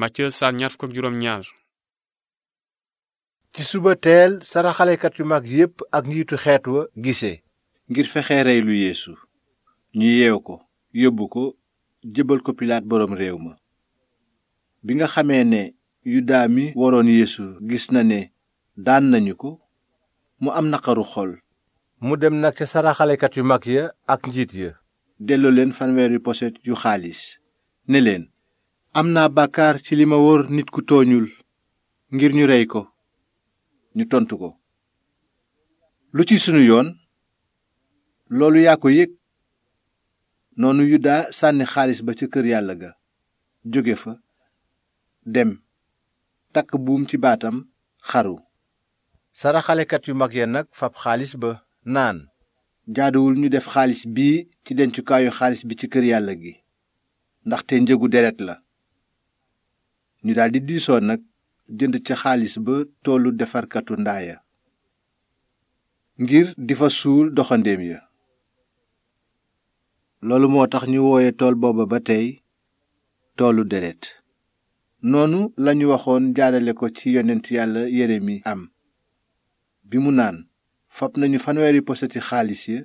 Matthieu saar ñaar fukk ci suba teel saraxalekat yu mag yépp ak njiitu xeet wa gisee ngir fexe rey lu yeesu ñu yeew ko yóbbu ko jëbal ko pilaat boroom réew ma bi nga xamee ne yudaa mi waroon yéesu gis na ne daan nañu ko mu am naqaru xol mu dem nag ca saraxalekat yu mag ya ak njiit ya delloo leen fanweeri poset yu xaalis ne leen am naa bàkkaar ci li ma wóor nit ku tooñul ngir ñu rey ko ñu tontu ko lu ci sunu yoon loolu yaa ko yëg noonu yudaa sànni xaalis ba ca kër yàlla ga jóge fa dem takk buum ci baatam xaru saraxalekat yu mag ya nag fab xaalis ba naan jaaduwul ñu def xaalis bii ci dencukaayu xaalis bi ci kër yàlla gi ndaxte njëgu deret la ñu daldi diisoo nag jënd ca xaalis ba toolu defarkatu ndaaya ngir di fa suul doxandeem ya loolu moo tax ñu wooye tool booba ba tey toolu deret noonu lañu waxoon jaarale ko ci yonent yàlla yeremi am bi mu naan fab nañu fanweeri posati xaalis ya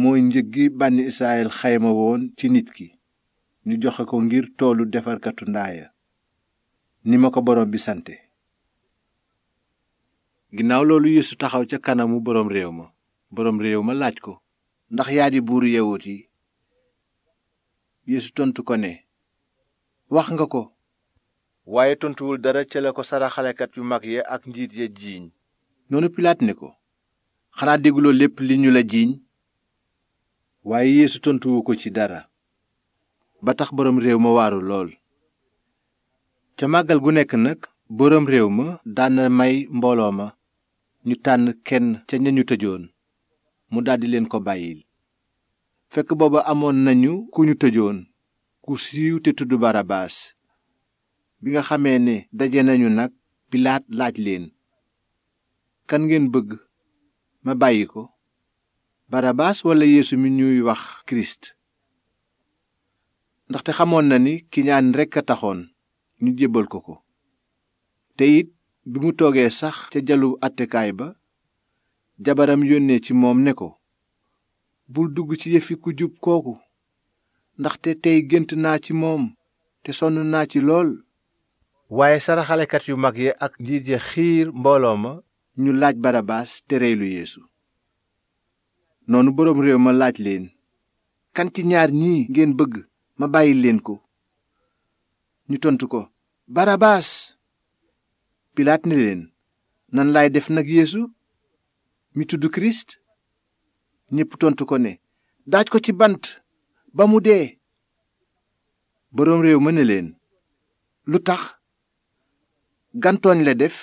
mooy njëg gi bànni israel xayma woon ci nit ki ñu joxe ko ngir toolu defarkatu ndaaya ni ma ko borom bi sante ginnaaw loolu yeesu taxaw ca kanamu boroom réew ma boroom réew ma laaj ko ndax yaa di buuru yawut yi yeesu tontu ko ne wax nga ko waaye tontuwul dara ca la ko saraxalekat yu mag ya ak njiit ya jiiñ noonu pilaat ne ko xanaa dégguloo lépp li ñu la jiiñ waaye yéesu tontuwu ko ci dara ba tax boroom réew ma waaru lool ca màggal gu nekk nag boroom réew ma daan may mbooloo ma ñu tànn kenn ca ña ñu tëjoon mu daldi leen ko bàyyil fekk booba amoon nañu ku ñu tëjoon ku siiw te tudd barabaas bi nga xamee ne daje nañu nag pilaat laaj leen kan ngeen bëgg ma bàyyi ko barabaas walla yeesu mi ñuy wax kirist ndaxte xamoon na ni kiñaan rekk a taxoon ñu jébbal ko ko te it bi mu toogee sax ca jalu attekaay ba jabaram yónnee ci moom ne ko bul dugg ci yëfi ku jub kooku ndaxte tey gént naa ci moom te sonn naa ci lool waaye saraxalekat yu mag yi ak njiit ya xiir mbooloo ma ñu laaj barabaas te reylu yeesu noonu boroom réew ma laaj leen kan ci ñaar ñii ngeen bëgg ma bàyyi leen ko ñu tontu ko barabaas pilaat ne leen nan laay def nag yéesu mi tudd kirist ñépp tontu ko ne daaj ko ci bant ba mu dee boroom réew ma ne leen lu tax gantooñ la def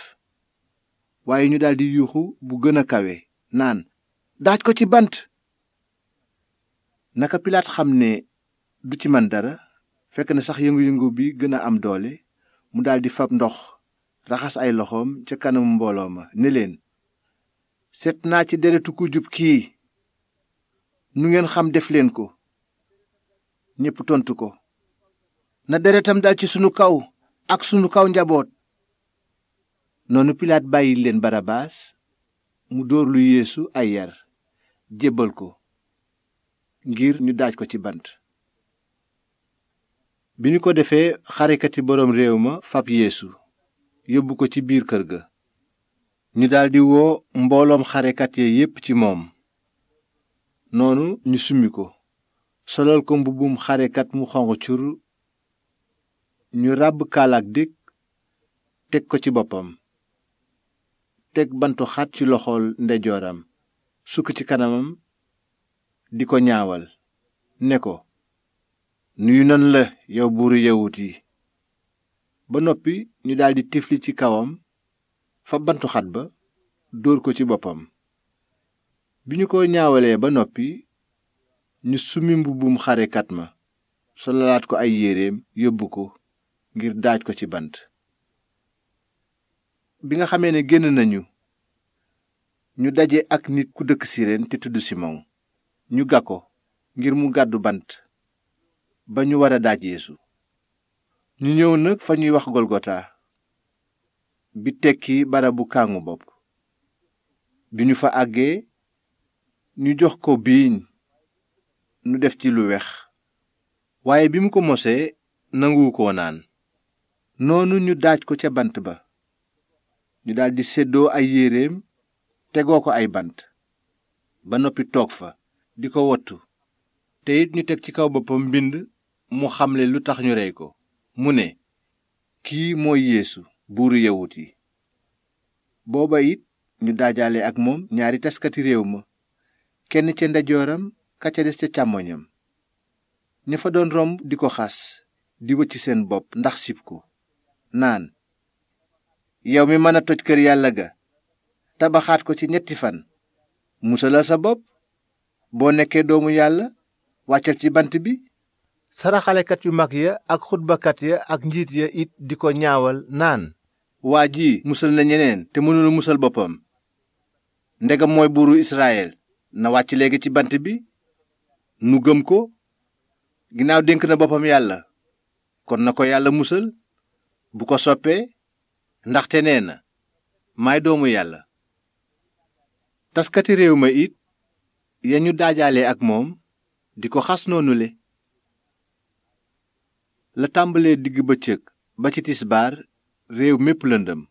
waaye ñu daldi yuuxu bu gën a kawe naan daaj ko ci bant naka pilaat xam ne du ci man dara fekk na sax yëngu-yëngu bi gën a am doole mu daldi fab ndox raxas ay loxoom ca kanamu mbooloo ma ne leen seet naa ci deretu ku jub kii nu ngeen xam def leen ko ñépp tontu ko na deretam dal ci sunu kaw ak sunu kaw njaboot noonu pilaat bàyyi leen barabaas mu dóor lu yéesu ay yar jébbal ko ngir ñu daaj ko ci bant bi ñu ko defee xarikati boroom réew ma fab yeesu yóbbu ko ci biir kër ga ñu daldi woo mbooloom xarekat ya yépp ci moom noonu ñu summi ko solal ko mbubbum xarekat mu xonq cur ñu ràbb kaalaak dég teg ko ci boppam teg bantu xat ci loxool ndeyjooram sukk ci kanamam di ko ñaawal ne ko nuyu nan la yow buuru yawut yi ba noppi ñu daldi tifli ci kawam fa bantu xat ba dóor ko ci boppam bi ñu ko ñaawalee ba noppi ñu summi mbubbum xarekat ma solalaat ko ay yéreem yóbbu ko ngir daaj ko ci bant bi nga xamee ne génn nañu ñu daje ak nit ku dëkk sireen te tudd simon ñu ga ko ngir mu gàddu bant ba ñu war a daaj ñu ñëw nag fa ñuy wax golgota bi tekki barabu kàngu bopp bi ñu fa àggee ñu jox ko biiñ nu def ci lu wex waaye bi mu ko mosee nanguwu ko naan noonu ñu daaj ko ca bant ba ñu daldi séddoo ay yéreem tegoo ko ay bant ba noppi toog fa di ko wottu te ñu teg ci kaw boppam mbind mu xamle lu tax ñu rey ko mu ne kii mooy yéesu buur yawut yi booba it ñu daajaale ak moom ñaari taskati réew ma kenn ca ndajooram ka ca des càmmoñam ña fa doon romb di ko xas di wëcc seen bopp ndax sib ko naan yow mi mën a toj kër yàlla ga tabaxaat ko ci ñetti fan musalal sa bopp boo nekkee doomu yàlla wàccal ci bant bi saraxalekat yu mag ya ak xutbakat ya ak njiit ya it di ko ñaawal naan waa ji musal na ñeneen te mënula musal boppam ndegam mooy buuru Israyel na wàcc léegi ci bant bi nu gëm ko ginnaaw dénk na boppam yàlla kon na ko yàlla musal bu ko soppee ndaxte nee na may doomu yàlla taskati réew ma it ya ñu daajaale ak moom di ko xas noonule la tàmbalee digg bëccëg ba ci tisbaar réew mépp lëndëm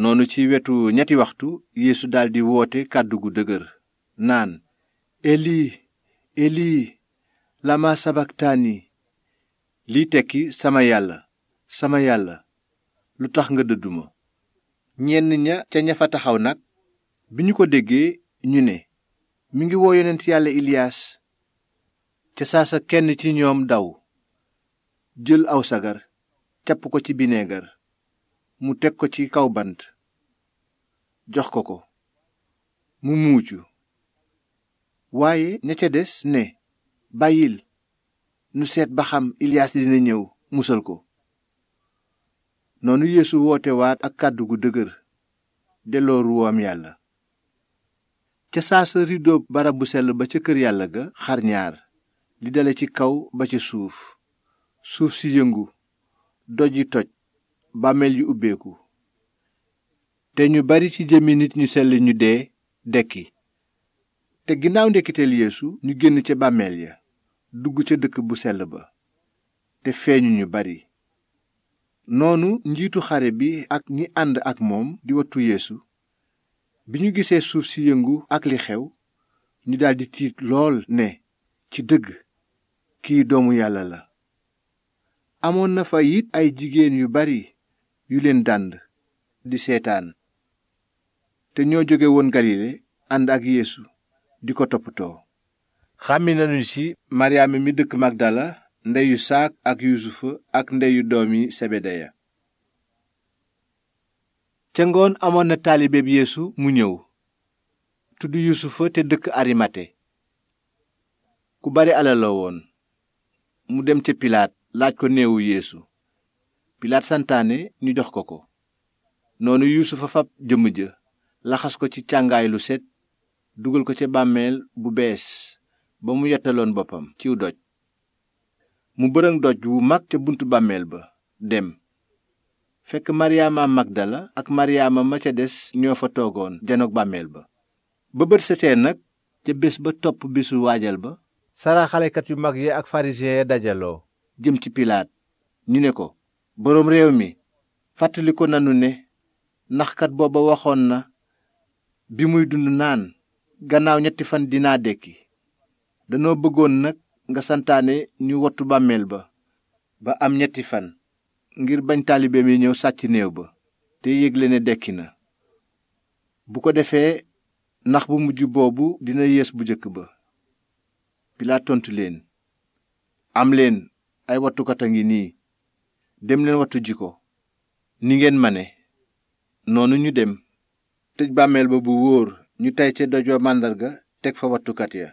noonu ci wetu ñetti waxtu yéesu daldi woote kàddu gu dëgër naan eli eli lama sabaktaani liy tekki sama yàlla sama yàlla lu tax nga dëdduma ñenn ña ca ña fa taxaw nag bi ñu ko déggee ñu ne mu ngi woo yonent yàlla iliyaas ca saa sa kenn ci ñoom daw jël aw sagar capp ko ci bineegar mu teg ko ci kaw bant jox ko ko mu muucu waaye ña ca des ne bàyyil nu seet ba xam Iliyaas dina ñëw musal ko noonu yéesu woote waat ak kàddu gu dëgër delloo ruwaam yàlla ca saasa rido barab bu sell ba ca kër yàlla ga xar ñaar li dale ci kaw ba ca suuf suuf si yëngu doj yi toj bàmmeel yi ubbeeku te ñu bari ci jëmmi nit ñu sell ñu dee dekki te ginnaaw ndekkiteel yéesu ñu génn ca bàmmeel ya dugg ca dëkk bu sell ba te feeñu ñu bari noonu njiitu xare bi ak ñi ànd ak moom di wattu yéesu bi ñu gisee suuf si yëngu ak li xew ñu daldi tiit lool ne ci dëgg kii doomu yàlla la amoon na fa yit ay jigéen yu bari yu leen dànd di seetaan te ñoo jóge woon galile ànd ak yeesu di ko toppatoo xàmmi nañu ci maryaama mi dëkk magdala ndeyu saak ak yusufa ak ndeyu doomi sebedeya ca ngoon amoon na taalibeeb yeesu mu ñëw tudd yusufa te dëkk arimate ku bare alal woon mu dem ca pilaat laaj ko néewu yeesu pilaat santaane ñu jox ko ko noonu yuusufa fab jëm ja laxas ko ci càngaay lu set dugal ko ca bàmmeel bu bees ba mu yetaloon boppam ciw doj mu bërëng doj wu mag ca buntu bàmmeel ba dem fekk maryaama magdala ak maryaama ma ca des ñoo fa toogoon janoog bàmmeel ba ba bët setee nag ca bés ba topp bésu waajal ba saraxalekat yu mag yi ak farisien ya dajaloo jëm ci pilaat ñu ne ko boroom réew mi fàttaliku nanu ne ndaxkat booba waxoon na bi muy dund naan gannaaw ñetti fan dinaa dekki danoo bëggoon nag nga santaane ñu wottu bàmmeel ba ba am ñetti fan ngir bañ taalibeem yi ñëw sàcc néew ba te yégle ne dekki na bu ko defee ndax bu mujj boobu dina yées bu jëkk ba pilaat leen am leen ay watukat a ngi nii demleen wattu ji ko ni ngeen mane noonu ñu dem tëj bàmmeel ba bu wóor ñu tey ca doj wa màndarga teg fa wattukat ya